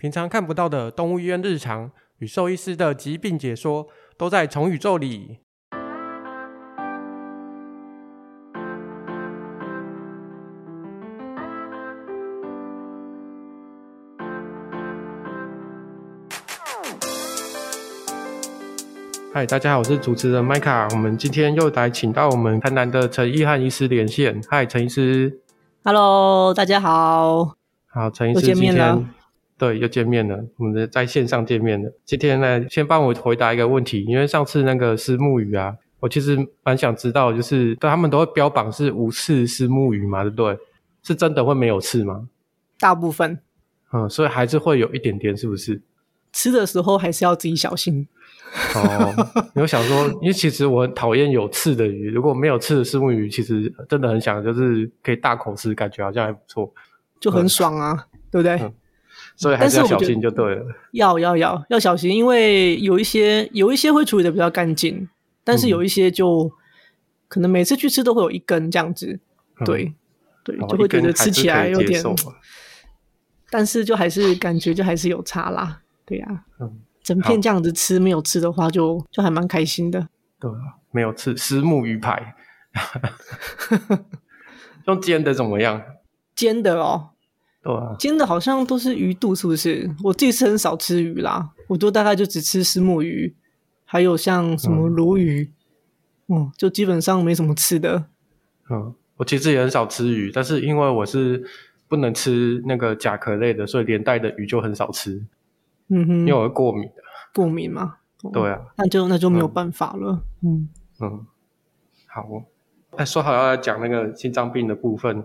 平常看不到的動物醫院日常與獸醫師的疾病解說，都在《寵物宇宙》裡。嗨，大家好，我是主持人麥卡。我們今天又來請到我們台南的陳羿翰醫師連線。嗨，陳醫師。Hello，大家好。好，陳醫師，今天。對，又見面了，我們在線上見面了。今天呢，先幫我回答一個問題，因為上次那個虱目魚啊，我其實蠻想知道，就是對他們都會標榜是無刺虱目魚嘛，對不對？是真的會沒有刺嗎？大部分，嗯，所以還是會有一點點，是不是？吃的時候還是要自己小心。 哦，我想說，因為其實我很討厭有刺的魚，如果沒有刺的虱目魚，其實真的很想就是可以大口吃，感覺好像還不錯，就很爽啊，嗯、對不對？嗯所以還是要小心就對了。要要要要小心，因為有一些有一些會處理得比較乾淨，但是有一些就、嗯、可能每次去吃都會有一根這樣子。對，嗯、對，就會覺得吃起來有點。哦是啊、但是就還是感覺就還是有差啦。對呀、啊，嗯、整片這樣子吃沒有吃的話就，就就還蠻開心的。對，沒有吃虱目魚排， 用煎的怎麼樣？煎的哦。煎的好像都是魚肚，是不是？我自己很少吃魚啦，我都大概就只吃虱目魚，還有像什麼鱸魚，嗯，嗯，就基本上沒什麼吃的。嗯，我其實也很少吃魚，但是因為我是不能吃那個甲殼類的，所以連帶的魚就很少吃。嗯哼，因為我會過敏的。過敏嘛。嗯、對啊。嗯、那就那就沒有辦法了。嗯嗯，嗯，好，哎，說好要講那個心臟病的部分。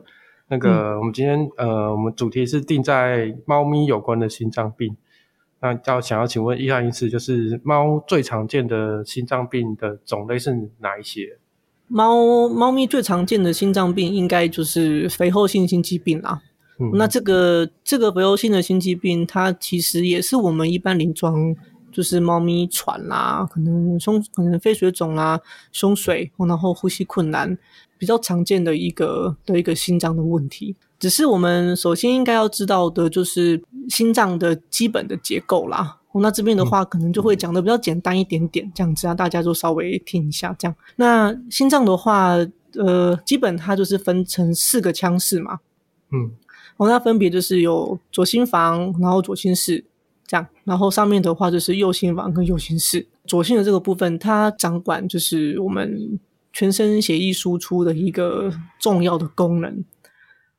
那個，我們今天，嗯、呃，我們主題是定在貓咪有關的心臟病，那要想要請問一下，醫師，就是貓最常見的心臟病的種類是哪一些？貓貓咪最常見的心臟病應該就是肥厚性心肌病啦。嗯，那這個這個肥厚性的心肌病，它其實也是我們一般臨床就是貓咪喘啦，可能胸可能肺水腫啦、啊，胸水，然後呼吸困難。比較常見的一個的一個心臟的問題，只是我們首先應該要知道的就是心臟的基本的結構啦。哦，那這邊的話可能就會講的比較簡單一點點，這樣子啊，大家就稍微聽一下這樣。那心臟的話，呃，基本它就是分成四個腔室嘛。嗯，哦，那分別就是有左心房，然後左心室，這樣，然後上面的話就是右心房跟右心室。左心的這個部分，它掌管就是我們。全身血液輸出的一個重要的功能。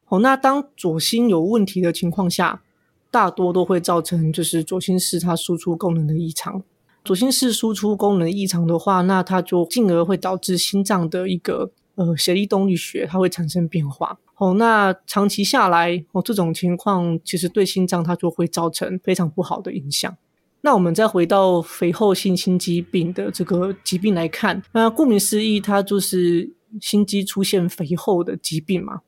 哦、oh，那當左心有問題的情況下，大多都會造成就是左心室它輸出功能的異常。左心室輸出功能異常的話，那它就進而會導致心臟的一個呃血液動力學它會產生變化。哦、oh，那長期下來，哦、oh, 這種情況其實對心臟它就會造成非常不好的影響。那我們再回到肥厚性心肌病的這個疾病來看，那顧名思義，它就是心肌出現肥厚的疾病嘛。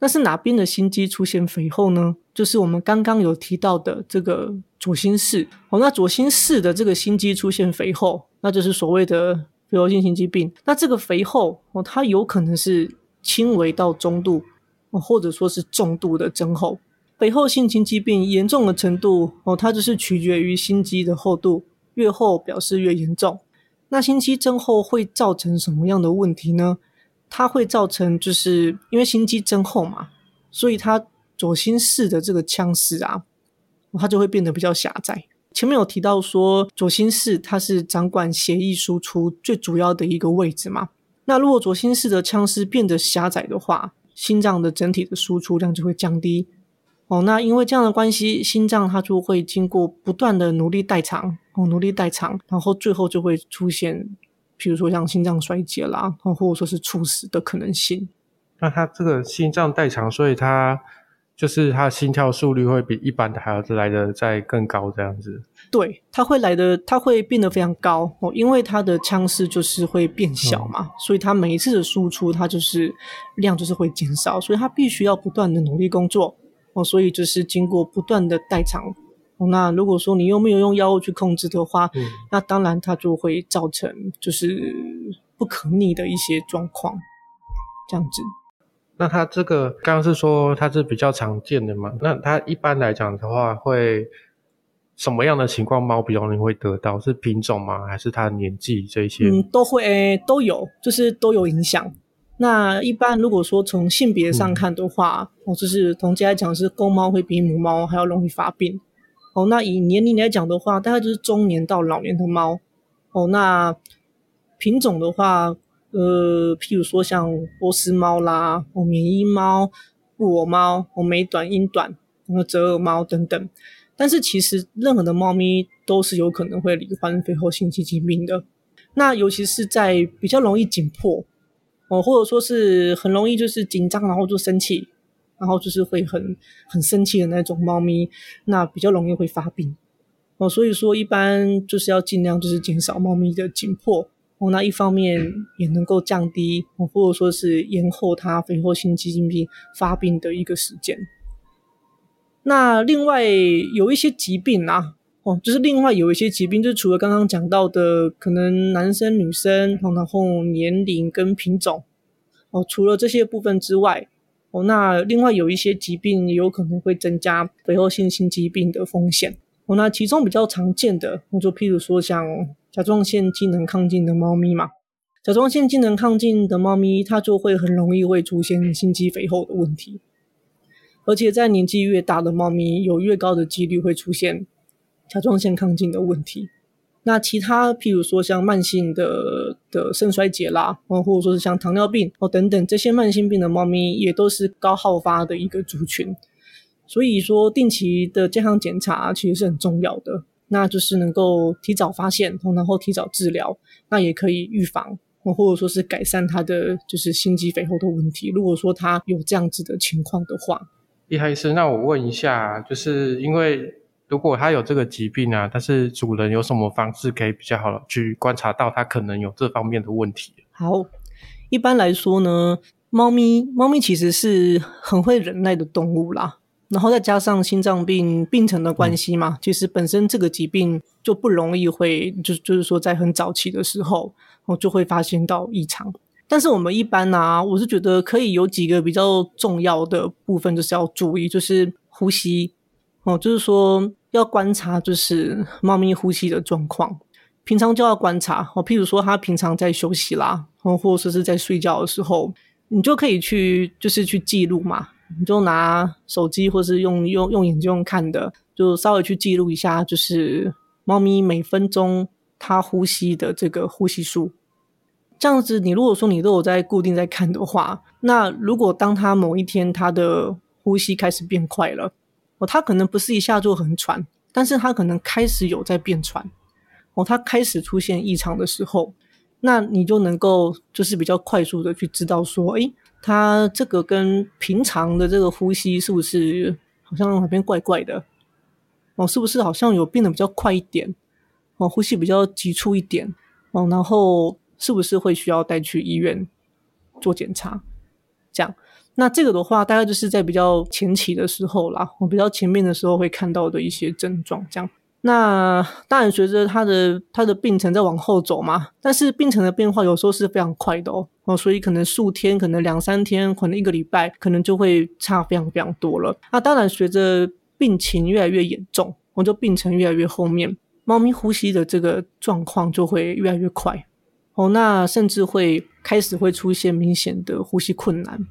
那是哪邊的心肌出現肥厚呢？就是我們剛剛有提到的這個左心室。哦，那左心室的這個心肌出現肥厚，那就是所謂的肥厚性心肌病。那這個肥厚哦，它有可能是輕微到中度，哦，或者說是重度的增厚。肥厚性心肌病嚴重的程度哦，它就是取決於心肌的厚度，越厚表示越嚴重。那心肌增厚會造成什麼樣的問題呢？它會造成，就是因為心肌增厚嘛，所以它左心室的這個腔室啊，哦，它就會變得比較狹窄。前面有提到說左心室它是掌管血液輸出最主要的一個位置嘛，那如果左心室的腔室變得狹窄的話，心臟的整體的輸出量就會降低。哦，那因為這樣的關係，心臟它就會經過不斷的努力代償，哦，努力代償，然後最後就會出現，比如說像心臟衰竭啦，或、哦、或者說是猝死的可能性。那它這個心臟代償，所以它就是它心跳速率會比一般的孩子來的再更高，這樣子。對，它會來的，它會變得非常高哦，因為它的腔室就是會變小嘛，嗯、所以它每一次的輸出，它就是量就是會減少，所以它必須要不斷的努力工作。哦，所以就是經過不斷的代償，那如果說你又沒有用藥物去控制的話，嗯，那當然它就會造成就是不可逆的一些狀況，這樣子。那它這個剛剛是說它是比較常見的嘛？那它一般來講的話會，會什麼樣的情況貓比較容易會得到？是品種嗎？還是它年紀這些？嗯，都會都有，就是都有影響。那一般如果說從性別上看的話，嗯、哦，就是同期來講是公貓會比母貓還要容易發病，哦，那以年齡來講的話，大概就是中年到老年的貓，哦，那品種的話，呃，譬如說像波斯貓啦，哦，緬因貓，布偶貓，哦，美短、英短，然後折耳貓等等，但是其實任何的貓咪都是有可能會罹患肥厚性心肌病的，那尤其是在比較容易緊迫。哦，或者說是很容易就是緊張，然後就生氣，然後就是會很很生氣的那種貓咪，那比較容易會發病。哦，所以說一般就是要儘量就是減少貓咪的緊迫。哦，那一方面也能夠降低，哦，或者說是延後它肥厚性心肌病發病的一個時間。那另外有一些疾病啊。哦，就是另外有一些疾病，就是、除了剛剛講到的，可能男生、女生、哦，然後年齡跟品種，哦，除了這些部分之外，哦，那另外有一些疾病也有可能會增加肥厚性心肌病的風險。哦，那其中比較常見的，我就譬如說像甲狀腺機能亢進的貓咪嘛，甲狀腺機能亢進的貓咪，它就會很容易會出現心肌肥厚的問題，而且在年紀越大的貓咪，有越高的幾率會出現甲狀腺亢進的問題，那其他譬如說像慢性的的腎衰竭啦，或者說是像糖尿病哦等等這些慢性病的貓咪，也都是高好發的一個族群。所以說定期的健康檢查其實是很重要的，那就是能夠提早發現，然後提早治療，那也可以預防或者說是改善它的就是心肌肥厚的問題。如果說它有這樣子的情況的話，羿翰醫師，那我問一下，就是因為。如果它有這個疾病啊，但是主人有什麼方式可以比較好去觀察到它可能有這方面的問題？好，一般來說呢，貓咪貓咪其實是很會忍耐的動物啦，然後再加上心臟病病程的關係嘛，嗯、其實本身這個疾病就不容易會就就是說在很早期的時候，就會發現到異常。但是我們一般呢、啊，我是覺得可以有幾個比較重要的部分，就是要注意，就是呼吸。哦，就是說要觀察，就是貓咪呼吸的狀況。平常就要觀察哦，譬如說它平常在休息啦，哦，或者說是在睡覺的時候，你就可以去，就是去記錄嘛。你就拿手機，或是用用用眼睛用看的，就稍微去記錄一下，就是貓咪每分鐘它呼吸的這個呼吸數。這樣子，你如果說你都有在固定在看的話，那如果當它某一天它的呼吸開始變快了。哦，他可能不是一下就很喘，但是他可能開始有在變喘。哦，他開始出現異常的時候，那你就能夠就是比較快速的去知道說，誒、欸。他這個跟平常的這個呼吸是不是好像那邊怪怪的？哦，是不是好像有變得比較快一點？哦，呼吸比較急促一點？哦，然後是不是會需要帶去醫院做檢查？這樣？那這個的話，大概就是在比較前期的時候啦，我比較前面的時候會看到的一些症狀，這樣。那當然，隨着它的它的病程在往後走嘛，但是病程的變化有時候是非常快的哦。哦，所以可能數天，可能兩三天，可能一個禮拜，可能就會差非常非常多了。那當然，隨着病情越來越嚴重，我、哦、就病程越來越後面，貓咪呼吸的這個狀況就會越來越快。哦，那甚至會開始會出現明顯的呼吸困難。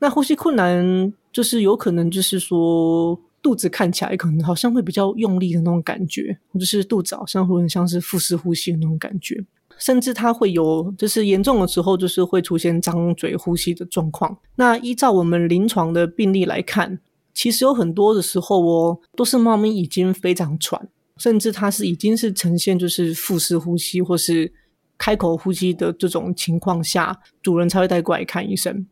那呼吸困難就是有可能，就是說肚子看起來可能好像會比較用力的那種感覺，或者是肚子好像會很像是腹式呼吸的那種感覺，甚至它會有就是嚴重的時候，就是會出現張嘴呼吸的狀況。那依照我們臨床的病例來看，其實有很多的時候哦，都是貓咪已經非常喘，甚至它是已經是呈現就是腹式呼吸或是開口呼吸的這種情況下，主人才會帶過來看醫生。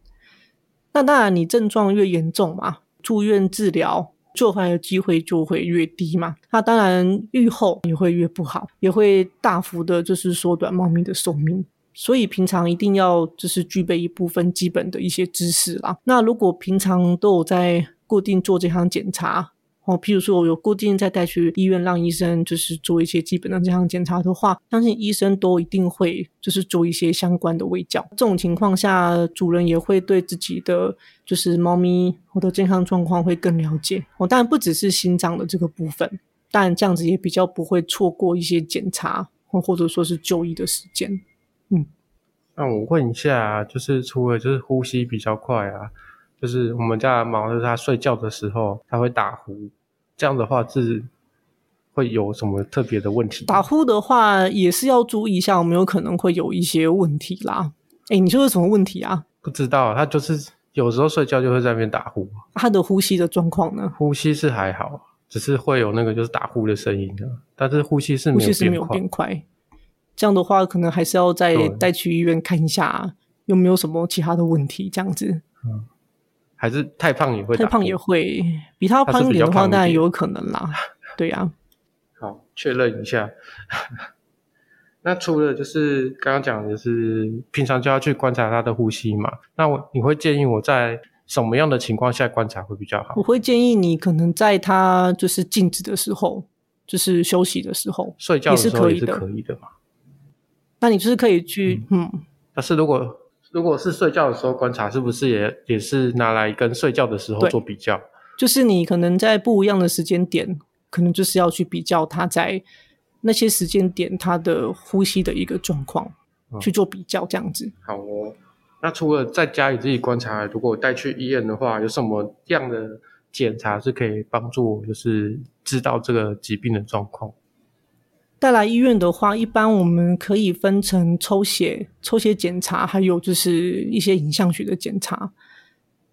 那當然，你症狀越嚴重嘛，住院治療、救活的機會就會越低嘛。那當然，預後也會越不好，也會大幅的，就是縮短貓咪的壽命。所以平常一定要就是具備一部分基本的一些知識啦。那如果平常都有在固定做這項檢查。哦，譬如說，我有固定再帶去醫院讓醫生就是做一些基本的健康檢查的話，相信醫生都一定會就是做一些相關的衛教。這種情況下，主人也會對自己的就是貓咪的健康狀況會更了解。哦，當然不只是心臟的這個部分，但這樣子也比較不會錯過一些檢查，或或者說是就醫的時間。嗯，那、啊、我問一下、啊，就是除了就是呼吸比較快啊，就是我們家的貓，就是它睡覺的時候它會打呼。這樣的話是會有什麼特別的問題？打呼的話也是要注意一下，有沒有可能會有一些問題啦。哎，你說的什麼問題啊？不知道，他就是有時候睡覺就會在那邊打呼。他的呼吸的狀況呢？呼吸是還好，只是會有那個就是打呼的聲音啊。但是呼吸是沒有變快。呼吸是沒有變快。這樣的話，可能還是要再帶去醫院看一下，對有沒有什麼其他的問題。這樣子，嗯還是太胖也會太胖也會，比他胖一點的話，那有可能啦。 對呀、啊。好，確認一下。 那除了就是剛剛講的是平常就要去觀察他的呼吸嘛。那我你會建議我在什麼樣的情況下觀察會比較好？我會建議你，可能在他就是靜止的時候，就是休息的時候，睡覺的時候也是可以的，可以的嘛。那你就是可以去，嗯。嗯但是如果。如果是睡覺的時候觀察，是不是也也是拿來跟睡覺的時候做比較？就是你可能在不一樣的時間點，可能就是要去比較他在那些時間點他的呼吸的一個狀況，去做比較這樣子。嗯。好哦，那除了在家裡自己觀察，如果我帶去醫院的話，有什麼樣的檢查是可以幫助我，就是知道這個疾病的狀況？帶來醫院的話，一般我們可以分成抽血、抽血檢查，還有就是一些影像學的檢查。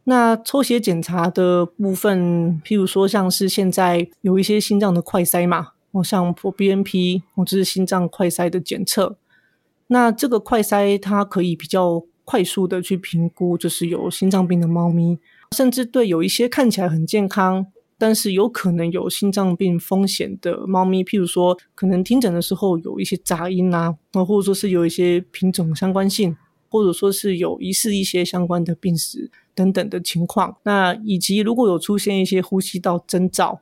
那抽血檢查的部分，譬如說像是現在有一些心臟的快篩嘛，哦，像 proBNP，或者是心臟快篩的檢測。那這個快篩，它可以比較快速的去評估，就是有心臟病的貓咪，甚至對有一些看起來很健康，但是有可能有心臟病風險的貓咪，譬如說可能聽診的時候有一些雜音啊，或者說是有一些品種相關性，或者說是有疑似一些相關的病史等等的情況，那以及如果有出現一些呼吸道徵兆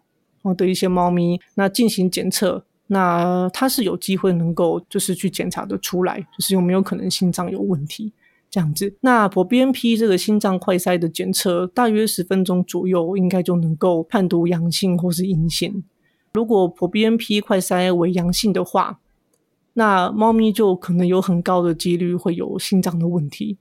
的一些貓咪，那進行檢測，那它是有機會能夠就是去檢查得出來，就是有沒有可能心臟有問題。這樣子，那普 B N P 這個心臟快篩的檢測，大約十分鐘左右應該就能夠判讀陽性或是陰性。如果普 B N P 快篩為陽性的話，那貓咪就可能有很高的幾率會有心臟的問題。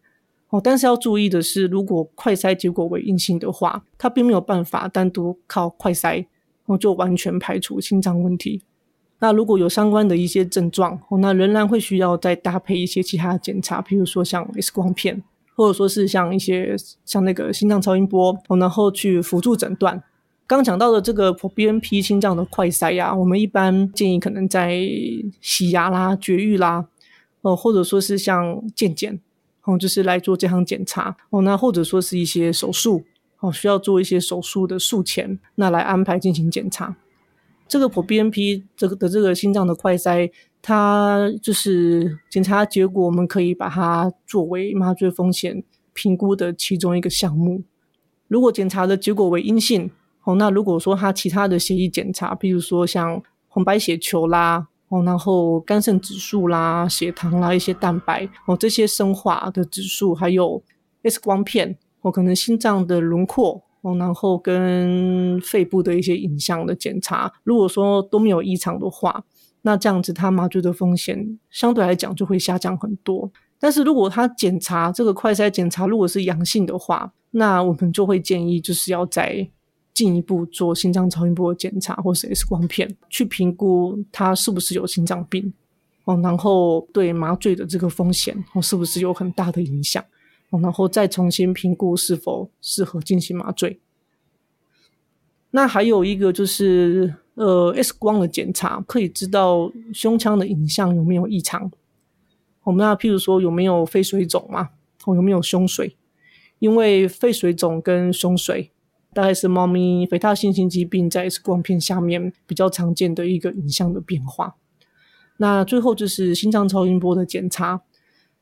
哦，但是要注意的是，如果快篩結果為陰性的話，它並沒有辦法單獨靠快篩，然、哦、後就完全排除心臟問題。那如果有相關的一些症狀，那仍然會需要再搭配一些其他的檢查，譬如說像 X 光片，或者說是像一些像那個心臟超音波，然後去輔助診斷。剛講到的這個 BNP 心臟的快篩呀、啊，我們一般建議可能在洗牙啦、絕育啦，哦，或者說是像健檢，哦，就是來做這項檢查。哦，那或者說是一些手術，哦，需要做一些手術的術前，那來安排進行檢查。這個 proBNP 這個的這個心臟的快篩，它就是檢查結果，我們可以把它作為麻醉風險評估的其中一個項目。如果檢查的結果為陰性，哦，那如果說他其他的血液檢查，比如說像紅白血球啦，哦，然後肝腎指數啦、血糖啦、一些蛋白，哦，這些生化的指數，還有 X 光片，哦，可能心臟的輪廓。哦，然後跟肺部的一些影像的檢查，如果說都沒有異常的話，那這樣子他麻醉的風險相對來講就會下降很多。但是如果他檢查這個快篩檢查如果是陽性的話，那我們就會建議就是要再進一步做心臟超音波的檢查或是 X 光片，去評估他是不是有心臟病，哦，然後對麻醉的這個風險哦是不是有很大的影響。然後再重新評估是否適合進行麻醉。那還有一個就是，呃，X 光的檢查可以知道胸腔的影像有沒有異常。我們啊，譬如說有沒有肺水腫嘛，有沒有胸水？因為肺水腫跟胸水大概是貓咪肥大性心肌病在 X 光片下面比較常見的一個影像的變化。那最後就是心臟超音波的檢查。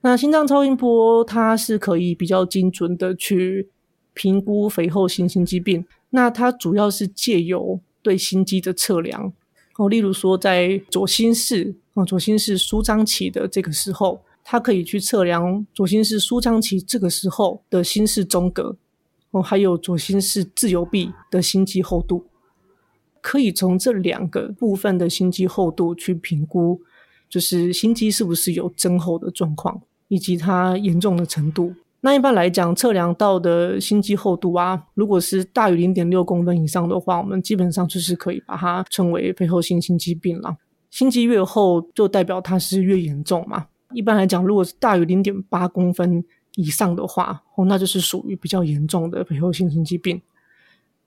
那心臟超音波它是可以比較精準的去評估肥厚型心肌病。那它主要是借由對心肌的測量哦，例如說在左心室哦，左心室舒張期的這個時候，它可以去測量左心室舒張期這個時候的心室中隔哦，還有左心室自由壁的心肌厚度，可以從這兩個部分的心肌厚度去評估，就是心肌是不是有增厚的狀況。以及它嚴重的程度。那一般來講，測量到的心肌厚度啊，如果是大於零點六公分以上的話，我們基本上就是可以把它稱為肥厚性心，心肌病了。心肌越厚，就代表它是越嚴重嘛。一般來講，如果是大於零點八公分以上的話，哦，那就是屬於比較嚴重的肥厚性心，心肌病。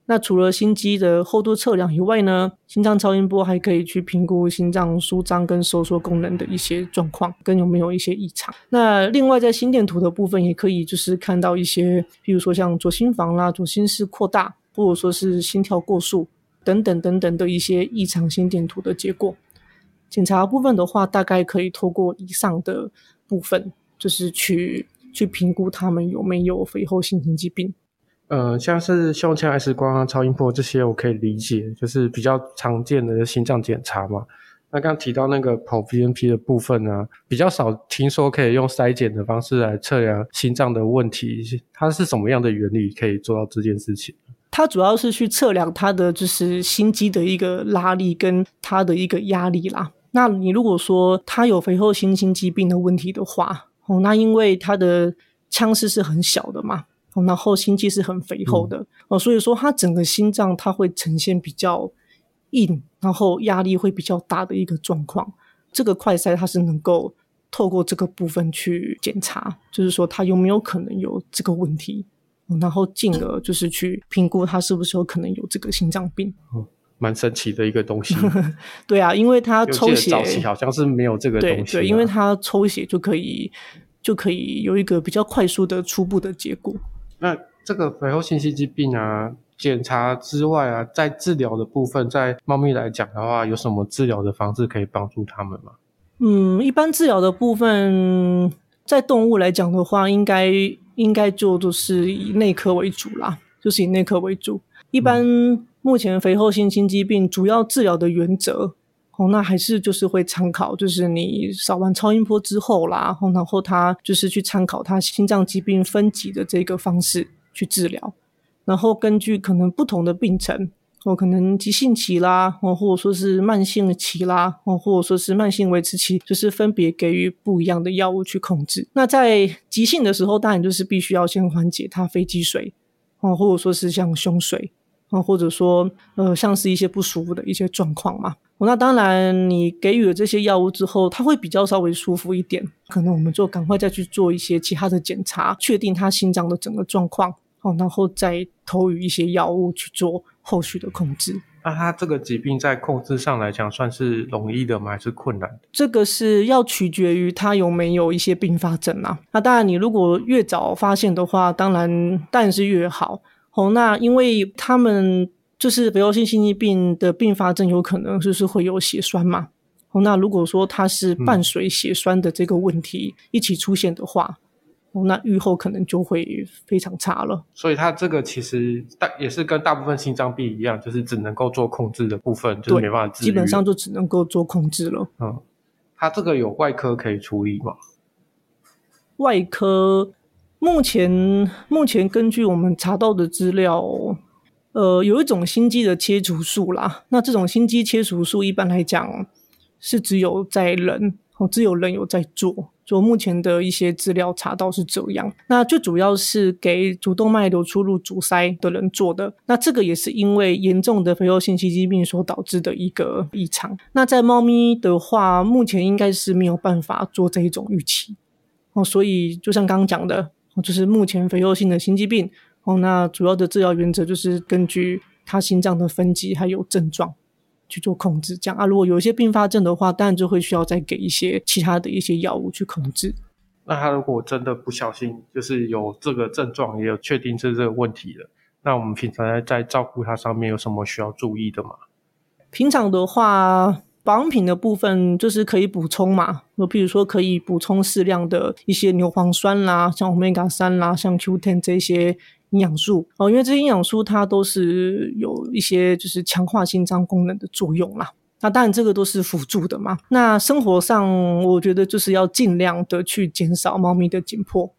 那除了心肌的厚度測量以外呢，心臟超音波還可以去評估心臟舒張跟收縮功能的一些狀況，跟有沒有一些異常。那另外在心電圖的部分，也可以就是看到一些，比如說像左心房啦、左心室擴大，或者說是心跳過速等等等等的一些異常心電圖的結果。檢查部分的話，大概可以透過以上的部分，就是去去評估他們有沒有肥厚性心肌病。嗯、呃，像是胸腔 X 光啊、超音波這些，我可以理解，就是比較常見的心臟檢查嘛。那剛剛提到那個跑 v n p 的部分啊，比較少聽說可以用篩檢的方式來測量心臟的問題，它是什麼樣的原理可以做到這件事情？它主要是去測量它的就是心肌的一個拉力跟它的一個壓力啦。那你如果說它有肥厚性心肌病的問題的話，哦，那因為它的腔室是很小的嘛。然後心肌是很肥厚的、嗯、哦，所以說他整個心臟它會呈現比較硬，然後壓力會比較大的一個狀況。這個快篩它是能夠透過這個部分去檢查，就是說它有沒有可能有這個問題，嗯、然後進而就是去評估它是不是有可能有這個心臟病。嗯、蠻神奇的一個東西。 對啊，因為它抽血，早期好像是沒有這個東西，對，對，因為它抽血就可以就可以有一個比較快速的初步的結果。那這個肥厚性心,心肌病啊，檢查之外啊，在治療的部分，在貓咪來講的話，有什麼治療的方式可以幫助它們嗎？嗯，一般治療的部分，在動物來講的話，應該應該就都是以內科為主啦，就是以內科為主。一般目前肥厚性心,心肌病主要治療的原則。哦，那還是就是會參考，就是你掃完超音波之後啦，哦，然後他就是去參考他心臟疾病分級的這個方式去治療，然後根據可能不同的病程，哦，可能急性期啦，哦，或者說是慢性期啦，哦，或者說是慢性維持期，就是分別給予不一樣的藥物去控制。那在急性的時候，當然就是必須要先緩解他肺積水，哦，或者說是像胸水。啊，或者說，呃，像是一些不舒服的一些狀況嘛。那當然，你給予了這些藥物之後，他會比較稍微舒服一點。可能我們就趕快再去做一些其他的檢查，確定他心臟的整個狀況，好，然後再投予一些藥物去做後續的控制。那他、啊、這個疾病在控制上來講，算是容易的嗎？還是困難的？這個是要取決於他有沒有一些併發症啊。那當然，你如果越早發現的話，當然，當然是越好。哦，oh, 那因為他們就是肥厚性心肌病的併發症，有可能就是會有血栓嘛。哦，oh, 那如果說它是伴隨血栓的這個問題一起出現的話，嗯 oh, 那預後可能就會非常差了。所以它這個其實大也是跟大部分心臟病一樣，就是只能夠做控制的部分，對就是沒辦法治癒。基本上就只能夠做控制了。嗯，它這個有外科可以處理嗎？外科。目前，目前根據我們查到的資料，呃，有一種心肌的切除術啦。那這種心肌切除術一般來講是只有在人哦，只有人有在做。就目前的一些資料查到是這樣。那最主要是給主動脈流出入阻塞的人做的。那這個也是因為嚴重的肥厚性心肌病所導致的一個異常。那在貓咪的話，目前應該是沒有辦法做這一種預期哦。所以就像剛剛講的。哦，就是目前肥厚性的心肌病，哦，那主要的治療原則就是根據他心臟的分級還有症狀去做控制，這樣啊。如果有一些併發症的話，當然就會需要再給一些其他的一些藥物去控制。那他如果真的不小心就是有這個症狀，也有確定是這個問題的。那我們平常在，在照顧他上面有什麼需要注意的嗎？平常的話。保養品的部分就是可以補充嘛，就比如說可以補充適量的一些牛磺酸啦，像 Omega 3啦，像 Q10 這些營養素哦，因為這些營養素它都是有一些就是強化心臟功能的作用啦。那當然這個都是輔助的嘛。那生活上我覺得就是要盡量的去減少貓咪的緊迫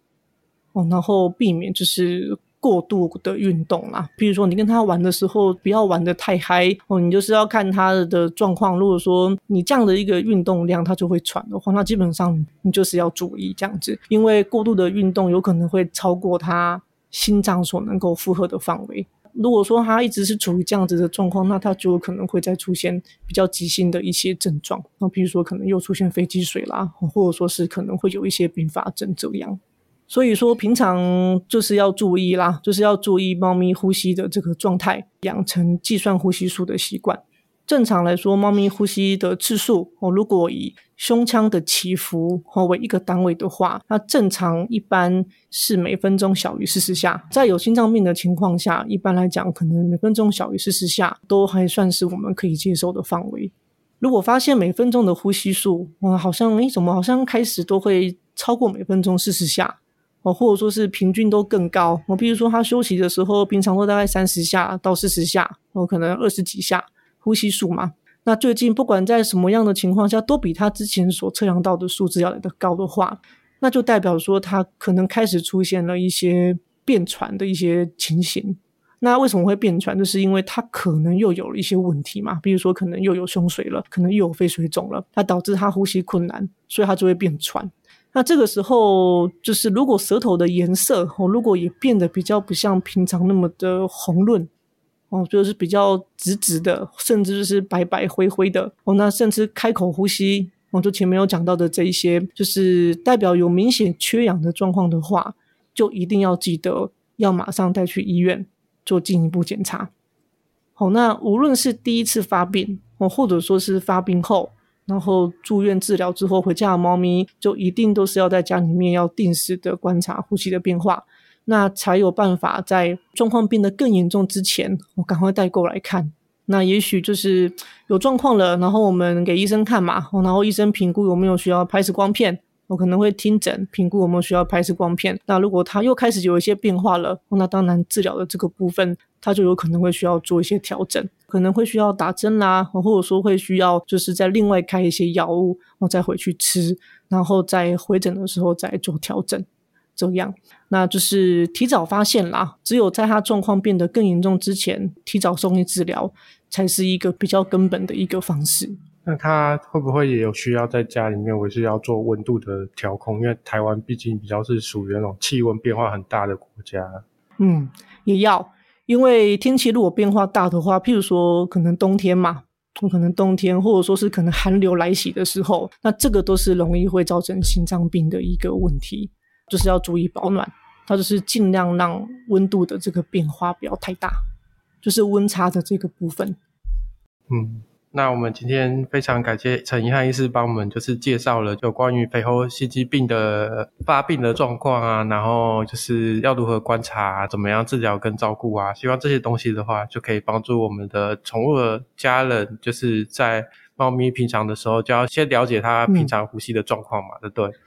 哦，然後避免就是。過度的運動啦，比如說你跟他玩的時候，不要玩的太嗨哦。你就是要看他的狀況。如果說你這樣的一個運動量，他就會喘的話，那基本上你就是要注意這樣子，因為過度的運動有可能會超過他心臟所能夠負荷的範圍。如果說他一直是處於這樣子的狀況，那他就可能會再出現比較急性的一些症狀。那比如說可能又出現肺積水啦，或者說是可能會有一些併發症這樣。所以說，平常就是要注意啦，就是要注意貓咪呼吸的這個狀態，養成計算呼吸數的習慣。正常來說，貓咪呼吸的次數，哦，如果以胸腔的起伏或為一個單位的話，那正常一般是每分鐘小於四十下。在有心臟病的情況下，一般來講，可能每分鐘小於四十下，都還算是我們可以接受的範圍。如果發現每分鐘的呼吸數，嗯，好像，哎，怎麼好像開始都會超過每分鐘四十下？哦，或者說是平均都更高。我比如說，他休息的時候，平常都大概三十下到四十下，然後可能二十幾下呼吸數嘛。那最近不管在什麼樣的情況下，都比他之前所測量到的數字要來得高的話，那就代表說他可能開始出現了一些變喘的一些情形。那為什麼會變喘？就是因為他可能又有了一些問題嘛，比如說可能又有胸水了，可能又有肺水腫了，它導致他呼吸困難，所以他就會變喘。那這個時候，就是如果舌頭的顏色哦，如果也變得比較不像平常那麼的紅潤，哦，就是比較紫紫的，甚至就是白白灰灰的哦，那甚至開口呼吸，哦，就前面有講到的這一些，就是代表有明顯缺氧的狀況的話，就一定要記得要馬上帶去醫院做進一步檢查。好、哦，那無論是第一次發病哦，或者說是發病後。然後住院治療之後回家的貓咪，就一定都是要在家裡面要定時的觀察呼吸的變化，那才有辦法在狀況變得更嚴重之前，我趕快帶過來看。那也許就是有狀況了，然後我們給醫生看嘛，然後醫生評估有沒有需要拍 X 光片，我可能會聽診評估有沒有需要拍 X 光片。那如果它又開始有一些變化了，那當然治療的這個部分，它就有可能會需要做一些調整。可能會需要打針啦、啊，或者說會需要，就是再另外開一些藥物，我再回去吃，然後再回診的時候再做調整，這樣。那就是提早發現啦，只有在他狀況變得更嚴重之前，提早送醫治療才是一個比較根本的一個方式。那他會不會也有需要在家裡面，我是要做溫度的調控，因為台灣畢竟比較是屬於那種氣溫變化很大的國家。嗯，也要。因為天氣如果變化大的話，譬如說可能冬天嘛，或可能冬天，或者說是可能寒流來襲的時候，那這個都是容易會造成心臟病的一個問題，就是要注意保暖，它就是盡量讓溫度的這個變化不要太大，就是溫差的這個部分，嗯。那我們今天非常感謝陳羿翰醫師幫我們就是介紹了就關於肥厚心肌病的發病的狀況啊，然後就是要如何觀察、啊，怎麼樣治療跟照顧啊。希望這些東西的話就可以幫助我們的寵物的家人，就是在貓咪平常的時候就要先了解它平常呼吸的狀況嘛，對不、嗯、對？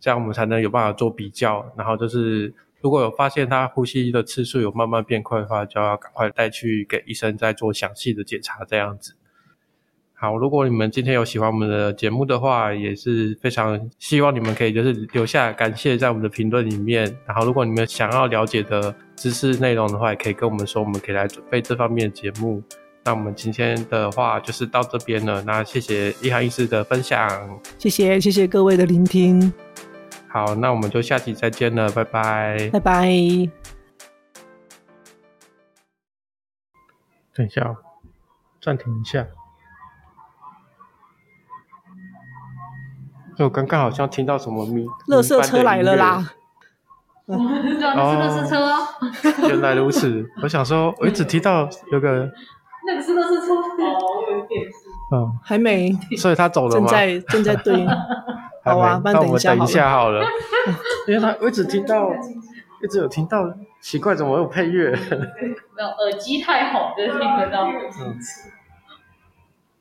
這樣我們才能有辦法做比較。然後就是如果有發現它呼吸的次數有慢慢變快的話，就要趕快帶去給醫生再做詳細的檢查，這樣子。好，如果你們今天有喜歡我們的節目的話，也是非常希望你們可以就是留下感謝在我們的評論裡面。然後，如果你們想要了解的知識內容的話，也可以跟我們說，我們可以來準備這方面的節目。那我們今天的話就是到這邊了。那謝謝羿翰醫師的分享。謝謝謝謝各位的聆聽。好，那我們就下期再見了，拜拜，拜拜。等一下哦，暫停一下。我剛剛好像聽到什麼咪，垃圾車來了啦！哦，嗯啊、是垃圾車，哦，哦、原來如此。 我想說，我一直聽到有個那個是垃圾車，好，哦，有點事。嗯，還沒，所以他走了嗎？正在正在對， 好啊，我等一下好了。因為他我一直聽到，一直有聽到，奇怪，怎麼會有配樂？沒 有，嗯，耳機太好，就是聽得到。